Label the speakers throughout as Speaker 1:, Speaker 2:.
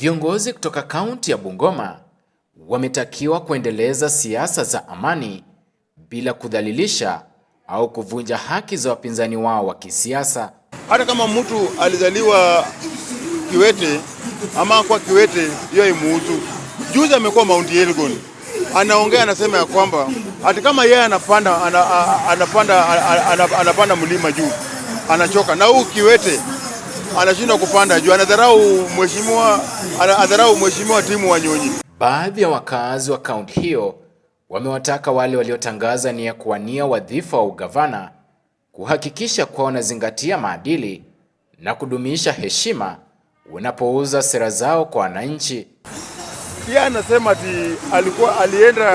Speaker 1: Viongozi kutoka kaunti ya Bungoma wametakiwa kuendeleza siasa za amani bila kudhalilisha au kuvunja haki za wapinzani wao wa kisiasa.
Speaker 2: Hata kama mtu alizaliwa kiwete ama kwa kiwete, hiyo imuhusu. Juzi amekuwa Mount Elgon, anaongea anasema ya kwamba hata kama yeye anapanda, anapanda, anapanda, anapanda mlima juu anachoka, na huu kiwete anashindwa kupanda juu, anadharau mheshimiwa, anadharau mheshimiwa timu Wanyonyi.
Speaker 1: Baadhi ya wakazi wa kaunti hiyo wamewataka wale waliotangaza nia kuwania wadhifa wa ugavana kuhakikisha kuwa wanazingatia maadili na kudumisha heshima wanapouza sera zao kwa wananchi.
Speaker 2: Pia anasema ati alikuwa alienda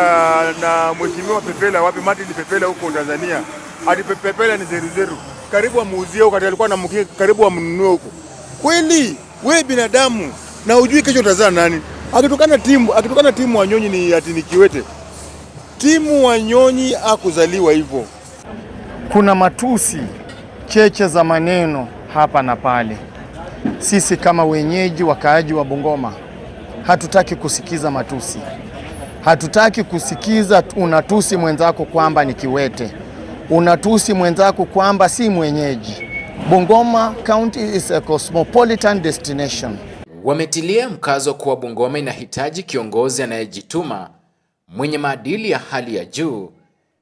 Speaker 2: na mheshimiwa Pepela wapi, Martin Pepela huko Tanzania, ati Pepela ni zeruzeru karibu amuuzie huko, alikuwa anamkia karibu amnunue huko. Kweli we binadamu na ujui kesho utazaa nani? Akitokana timu akitokana timu Wanyonyi ni ati ni kiwete. Timu Wanyonyi akuzaliwa hivyo.
Speaker 3: Kuna matusi, cheche za maneno hapa na pale. Sisi kama wenyeji wakaaji wa Bungoma hatutaki kusikiza matusi, hatutaki kusikiza unatusi mwenzako kwamba ni kiwete unatusi mwenzako kwamba si mwenyeji. Bungoma County is a cosmopolitan destination.
Speaker 1: Wametilia mkazo kuwa Bungoma inahitaji kiongozi anayejituma, mwenye maadili ya hali ya juu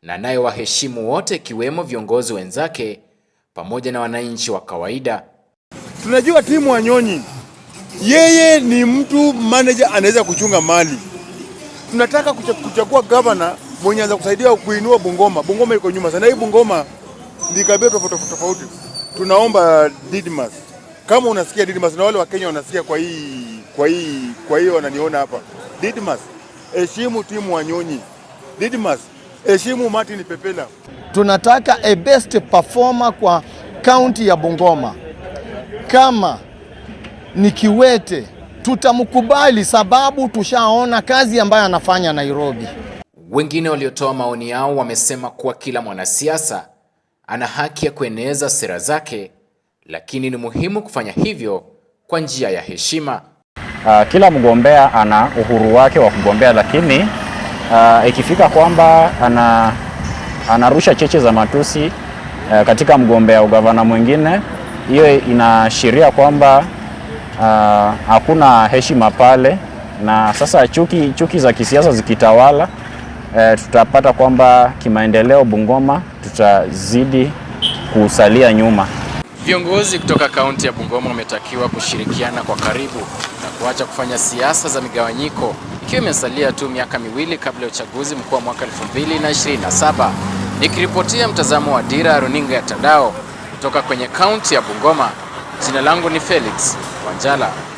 Speaker 1: na anayewaheshimu wote, ikiwemo viongozi wenzake pamoja na wananchi wa kawaida.
Speaker 2: Tunajua timu Wanyonyi, yeye ni mtu manager, anaweza kuchunga mali. Tunataka kuchagua governor mwenye anza kusaidia kuinua Bungoma. Bungoma iko nyuma sana. Hii Bungoma ni kabila tofauti tofauti. Tunaomba Didmas, kama unasikia Didmas na wale wa Kenya wanasikia kwa hii kwa hii kwa hiyo wananiona hapa. Didmas, heshimu timu Wanyonyi. Didmas, heshimu Martin Pepela.
Speaker 4: Tunataka a best performer kwa kaunti ya Bungoma. Kama ni Kiwete tutamkubali, sababu tushaona kazi ambayo anafanya Nairobi.
Speaker 1: Wengine waliotoa maoni yao wamesema kuwa kila mwanasiasa ana haki ya kueneza sera zake, lakini ni muhimu kufanya hivyo kwa njia ya heshima.
Speaker 5: Uh, kila mgombea ana uhuru wake wa kugombea, lakini uh, ikifika kwamba ana anarusha cheche za matusi uh, katika mgombea ugavana mwingine, hiyo inaashiria kwamba ah, hakuna uh, heshima pale, na sasa chuki, chuki za kisiasa zikitawala e, tutapata kwamba kimaendeleo Bungoma tutazidi kusalia nyuma.
Speaker 1: Viongozi kutoka kaunti ya Bungoma wametakiwa kushirikiana kwa karibu na kuacha kufanya siasa za migawanyiko, ikiwa imesalia tu miaka miwili kabla ya uchaguzi mkuu wa mwaka 2027. Nikiripotia mtazamo wa Dira ya Runinga ya Tandao kutoka kwenye kaunti ya Bungoma, jina langu ni Felix Wanjala.